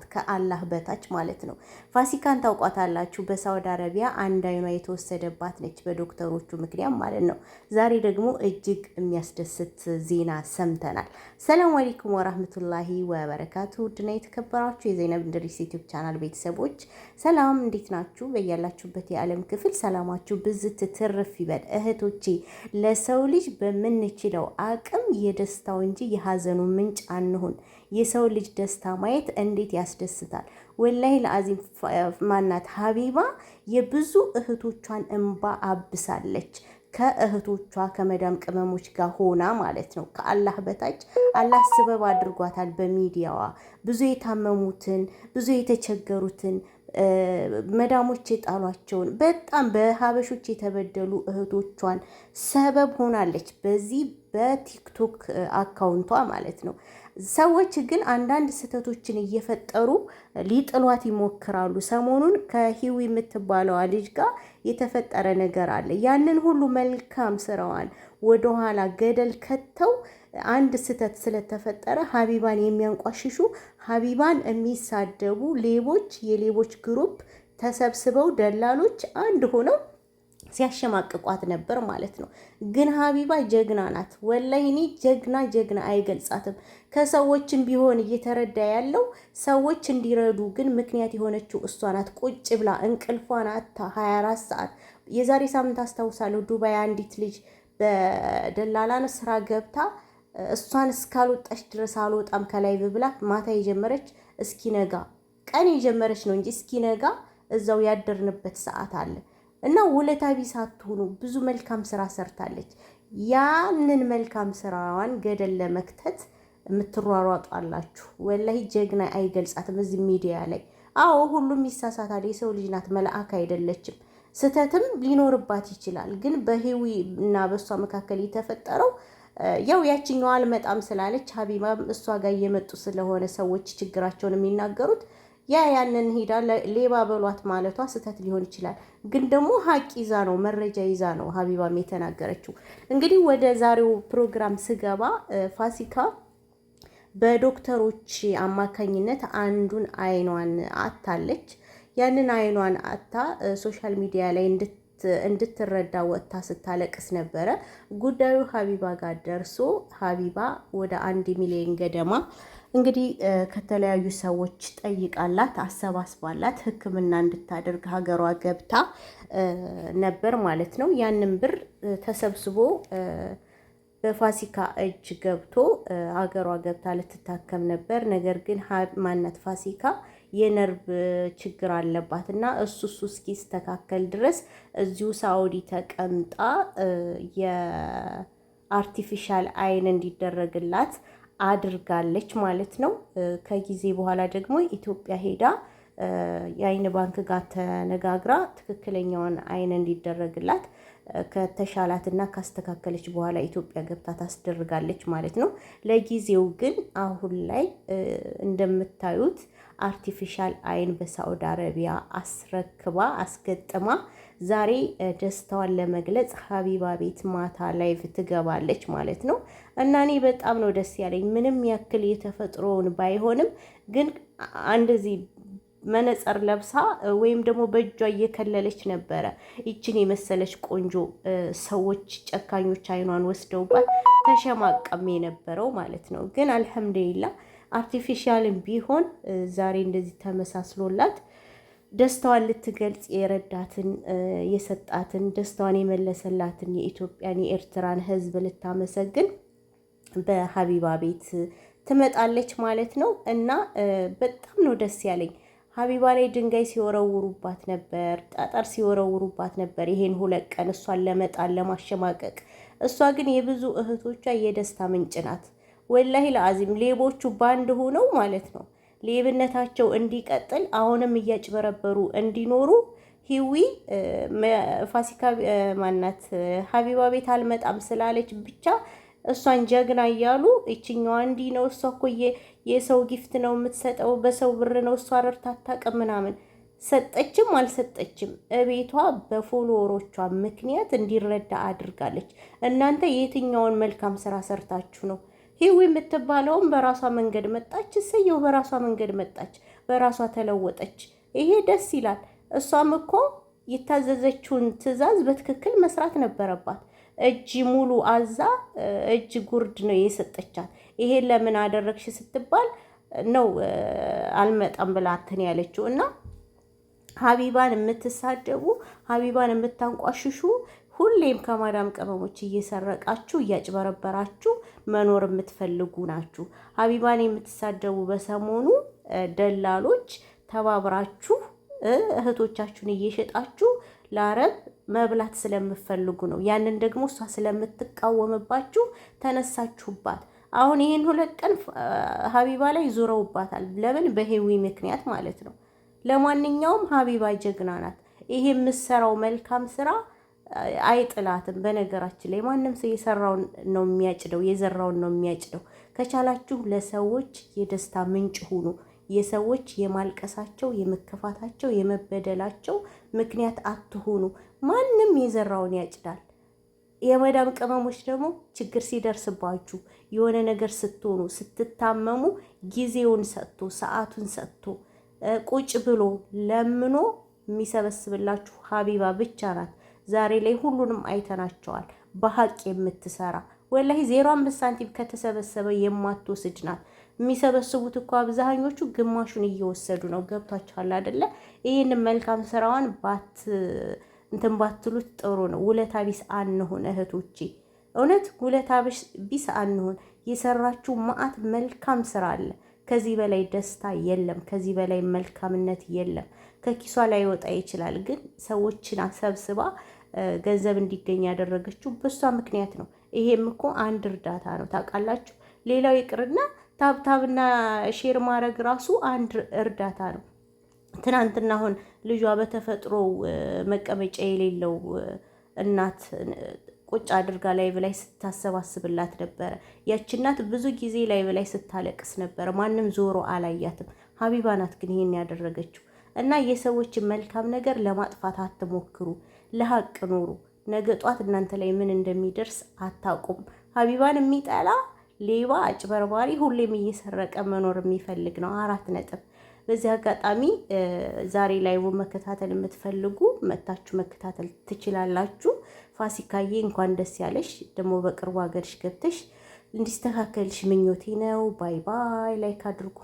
ናት፣ ከአላህ በታች ማለት ነው። ፋሲካን ታውቋታላችሁ። በሳውዲ አረቢያ አንድ አይኗ የተወሰደባት ነች፣ በዶክተሮቹ ምክንያት ማለት ነው። ዛሬ ደግሞ እጅግ የሚያስደስት ዜና ሰምተናል። ሰላም አለይኩም ወራህመቱላሂ ወበረካቱ። ውድና የተከበራችሁ የዘይነብ እንድሪስ ዩቲዩብ ቻናል ቤተሰቦች ሰላም፣ እንዴት ናችሁ? በያላችሁበት የዓለም ክፍል ሰላማችሁ ብዝት ትርፍ ይበል። እህቶቼ ለሰው ልጅ በምንችለው አቅም የደስታው እንጂ የሀዘኑ ምንጭ አንሁን። የሰው ልጅ ደስታ ማየት እንዴት ያስደስታል። ወላይ ለአዚም ማናት ሀቢባ የብዙ እህቶቿን እንባ አብሳለች። ከእህቶቿ ከመዳም ቅመሞች ጋር ሆና ማለት ነው። ከአላህ በታች አላህ ስበብ አድርጓታል። በሚዲያዋ ብዙ የታመሙትን ብዙ የተቸገሩትን መዳሞች የጣሏቸውን በጣም በሀበሾች የተበደሉ እህቶቿን ሰበብ ሆናለች። በዚህ በቲክቶክ አካውንቷ ማለት ነው። ሰዎች ግን አንዳንድ ስህተቶችን እየፈጠሩ ሊጥሏት ይሞክራሉ። ሰሞኑን ከሂዊ የምትባለዋ ልጅ ጋር የተፈጠረ ነገር አለ። ያንን ሁሉ መልካም ስራዋን ወደኋላ ገደል ከተው አንድ ስህተት ስለተፈጠረ ሀቢባን የሚያንቋሽሹ ሀቢባን የሚሳደቡ ሌቦች፣ የሌቦች ግሩፕ ተሰብስበው ደላሎች አንድ ሆነው ሲያሸማቅቋት ነበር ማለት ነው። ግን ሀቢባ ጀግና ናት። ወላይ እኔ ጀግና ጀግና አይገልጻትም። ከሰዎችም ቢሆን እየተረዳ ያለው ሰዎች እንዲረዱ ግን ምክንያት የሆነችው እሷ ናት። ቁጭ ብላ እንቅልፏን አታ 24 ሰዓት የዛሬ ሳምንት አስታውሳለሁ። ዱባይ አንዲት ልጅ በደላላን ስራ ገብታ እሷን እስካልወጣች ድረስ አልወጣም ከላይ ብብላ ማታ የጀመረች እስኪነጋ ቀን የጀመረች ነው እንጂ እስኪነጋ እዛው ያደርንበት ሰዓት አለ። እና ውለታ ቢስ አትሆኑ። ብዙ መልካም ስራ ሰርታለች። ያንን መልካም ስራዋን ገደል ለመክተት የምትሯሯጡ ወላ ወላሂ ጀግና አይገልጻትም እዚህ ሚዲያ ላይ። አዎ ሁሉም ይሳሳታል። የሰው ልጅ ናት፣ መልአክ አይደለችም። ስህተትም ሊኖርባት ይችላል። ግን በህዊ እና በእሷ መካከል የተፈጠረው ያው ያችኛዋ አልመጣም ስላለች ሀቢባም እሷ ጋር እየመጡ ስለሆነ ሰዎች ችግራቸውን የሚናገሩት ያ ያንን ሄዳ ሌባ በሏት ማለቷ ስህተት ሊሆን ይችላል። ግን ደግሞ ሀቅ ይዛ ነው መረጃ ይዛ ነው ሀቢባም የተናገረችው። እንግዲህ ወደ ዛሬው ፕሮግራም ስገባ ፋሲካ በዶክተሮች አማካኝነት አንዱን አይኗን አታለች። ያንን አይኗን አታ ሶሻል ሚዲያ ላይ እንድት እንድትረዳ ወጥታ ስታለቅስ ነበረ። ጉዳዩ ሀቢባ ጋር ደርሶ ሀቢባ ወደ አንድ ሚሊዮን ገደማ እንግዲህ ከተለያዩ ሰዎች ጠይቃላት አሰባስባላት ሕክምና እንድታደርግ ሀገሯ ገብታ ነበር ማለት ነው። ያንን ብር ተሰብስቦ በፋሲካ እጅ ገብቶ ሀገሯ ገብታ ልትታከም ነበር። ነገር ግን ማናት ፋሲካ የነርቭ ችግር አለባት እና እሱ እሱ እስኪስተካከል ድረስ እዚሁ ሳውዲ ተቀምጣ የአርቲፊሻል አይን እንዲደረግላት አድርጋለች ማለት ነው። ከጊዜ በኋላ ደግሞ ኢትዮጵያ ሄዳ የአይን ባንክ ጋር ተነጋግራ ትክክለኛውን አይን እንዲደረግላት ከተሻላትና ካስተካከለች በኋላ ኢትዮጵያ ገብታ ታስደርጋለች ማለት ነው። ለጊዜው ግን አሁን ላይ እንደምታዩት አርቲፊሻል አይን በሳዑዲ አረቢያ አስረክባ አስገጥማ ዛሬ ደስታዋን ለመግለጽ ሀቢባ ቤት ማታ ላይቭ ትገባለች ማለት ነው። እና እኔ በጣም ነው ደስ ያለኝ። ምንም ያክል የተፈጥሮውን ባይሆንም ግን እንደዚህ መነጸር ለብሳ ወይም ደግሞ በእጇ እየከለለች ነበረ። ይችን የመሰለች ቆንጆ ሰዎች ጨካኞች አይኗን ወስደውባት ተሸማቀም የነበረው ማለት ነው። ግን አልሐምዱሊላ አርቲፊሻልም ቢሆን ዛሬ እንደዚህ ተመሳስሎላት ደስታዋን ልትገልጽ የረዳትን የሰጣትን ደስታዋን የመለሰላትን የኢትዮጵያን የኤርትራን ሕዝብ ልታመሰግን በሀቢባ ቤት ትመጣለች ማለት ነው እና በጣም ነው ደስ ያለኝ። ሀቢባ ላይ ድንጋይ ሲወረውሩባት ነበር፣ ጠጠር ሲወረውሩባት ነበር። ይሄን ሁለት ቀን እሷን ለመጣል ለማሸማቀቅ። እሷ ግን የብዙ እህቶቿ የደስታ ምንጭ ናት። ወላሂ ለአዚም ሌቦቹ ባንድ ሆነው ማለት ነው ሌብነታቸው እንዲቀጥል አሁንም እያጭበረበሩ እንዲኖሩ ሂዊ ፋሲካ ማናት ሀቢባ ቤት አልመጣም ስላለች ብቻ እሷን ጀግና እያሉ ይችኛዋ እንዲህ ነው፣ እሷ እኮ የሰው ጊፍት ነው የምትሰጠው፣ በሰው ብር ነው እሷ ረድታ አታውቅም ምናምን። ሰጠችም አልሰጠችም እቤቷ በፎሎወሮቿ ምክንያት እንዲረዳ አድርጋለች። እናንተ የትኛውን መልካም ስራ ሰርታችሁ ነው? ሂዊ የምትባለውም በራሷ መንገድ መጣች። እሰየው፣ በራሷ መንገድ መጣች፣ በራሷ ተለወጠች። ይሄ ደስ ይላል። እሷም እኮ የታዘዘችውን ትዕዛዝ በትክክል መስራት ነበረባት። እጅ ሙሉ አዛ እጅ ጉርድ ነው የሰጠቻት። ይሄን ለምን አደረግሽ ስትባል ነው አልመጣም ብላትን ያለችው እና ሀቢባን የምትሳደቡ ሀቢባን የምታንቋሽሹ ሁሌም ከማዳም ቅመሞች እየሰረቃችሁ እያጭበረበራችሁ መኖር የምትፈልጉ ናችሁ። ሀቢባን የምትሳደቡ በሰሞኑ ደላሎች ተባብራችሁ እህቶቻችሁን እየሸጣችሁ ለአረብ መብላት ስለምፈልጉ ነው። ያንን ደግሞ እሷ ስለምትቃወምባችሁ ተነሳችሁባት። አሁን ይህን ሁለት ቀን ሀቢባ ላይ ዙረውባታል። ለምን? በሄዊ ምክንያት ማለት ነው። ለማንኛውም ሀቢባ ጀግና ናት። ይሄ የምሰራው መልካም ስራ አይጥላትም። በነገራችን ላይ ማንም ሰው የሰራውን ነው የሚያጭደው፣ የዘራውን ነው የሚያጭደው። ከቻላችሁ ለሰዎች የደስታ ምንጭ ሁኑ። የሰዎች የማልቀሳቸው፣ የመከፋታቸው፣ የመበደላቸው ምክንያት አትሆኑ። ማንም የዘራውን ያጭዳል። የመዳም ቅመሞች ደግሞ ችግር ሲደርስባችሁ የሆነ ነገር ስትሆኑ ስትታመሙ ጊዜውን ሰጥቶ ሰዓቱን ሰጥቶ ቁጭ ብሎ ለምኖ የሚሰበስብላችሁ ሀቢባ ብቻ ናት። ዛሬ ላይ ሁሉንም አይተናቸዋል። በሀቅ የምትሰራ ወላሂ ዜሮ አምስት ሳንቲም ከተሰበሰበ የማትወስድ ናት። የሚሰበስቡት እኮ አብዛኞቹ ግማሹን እየወሰዱ ነው። ገብቷችኋል አደለ? ይህን መልካም ስራዋን ባት እንትን ባትሉት ጥሩ ነው። ውለታ ቢስ አንሁን እህቶቼ፣ እውነት ውለታ ቢስ አንሁን። የሰራችሁ ማአት መልካም ስራ አለ። ከዚህ በላይ ደስታ የለም። ከዚህ በላይ መልካምነት የለም። ከኪሷ ላይ ወጣ ይችላል፣ ግን ሰዎችን ሰብስባ ገንዘብ እንዲገኝ ያደረገችው በሷ ምክንያት ነው። ይሄም እኮ አንድ እርዳታ ነው። ታውቃላችሁ፣ ሌላው ይቅርና ታብታብና ሼር ማድረግ ራሱ አንድ እርዳታ ነው። ትናንትና አሁን ልጇ በተፈጥሮ መቀመጫ የሌለው እናት ቁጭ አድርጋ ላይ በላይ ስታሰባስብላት ነበረ። ያቺ እናት ብዙ ጊዜ ላይ በላይ ስታለቅስ ነበረ። ማንም ዞሮ አላያትም። ሀቢባ ናት ግን ይሄን ያደረገችው እና የሰዎችን መልካም ነገር ለማጥፋት አትሞክሩ፣ ለሀቅ ኑሩ። ነገ ጧት እናንተ ላይ ምን እንደሚደርስ አታውቁም። ሀቢባን የሚጠላ ሌባ፣ አጭበርባሪ ሁሌም እየሰረቀ መኖር የሚፈልግ ነው። አራት ነጥብ። በዚህ አጋጣሚ ዛሬ ላይቡን መከታተል የምትፈልጉ መታችሁ መከታተል ትችላላችሁ። ፋሲካዬ እንኳን ደስ ያለሽ። ደግሞ በቅርቡ ሀገርሽ ገብተሽ እንዲስተካከልሽ ምኞቴ ነው። ባይ ባይ። ላይክ አድርጉ።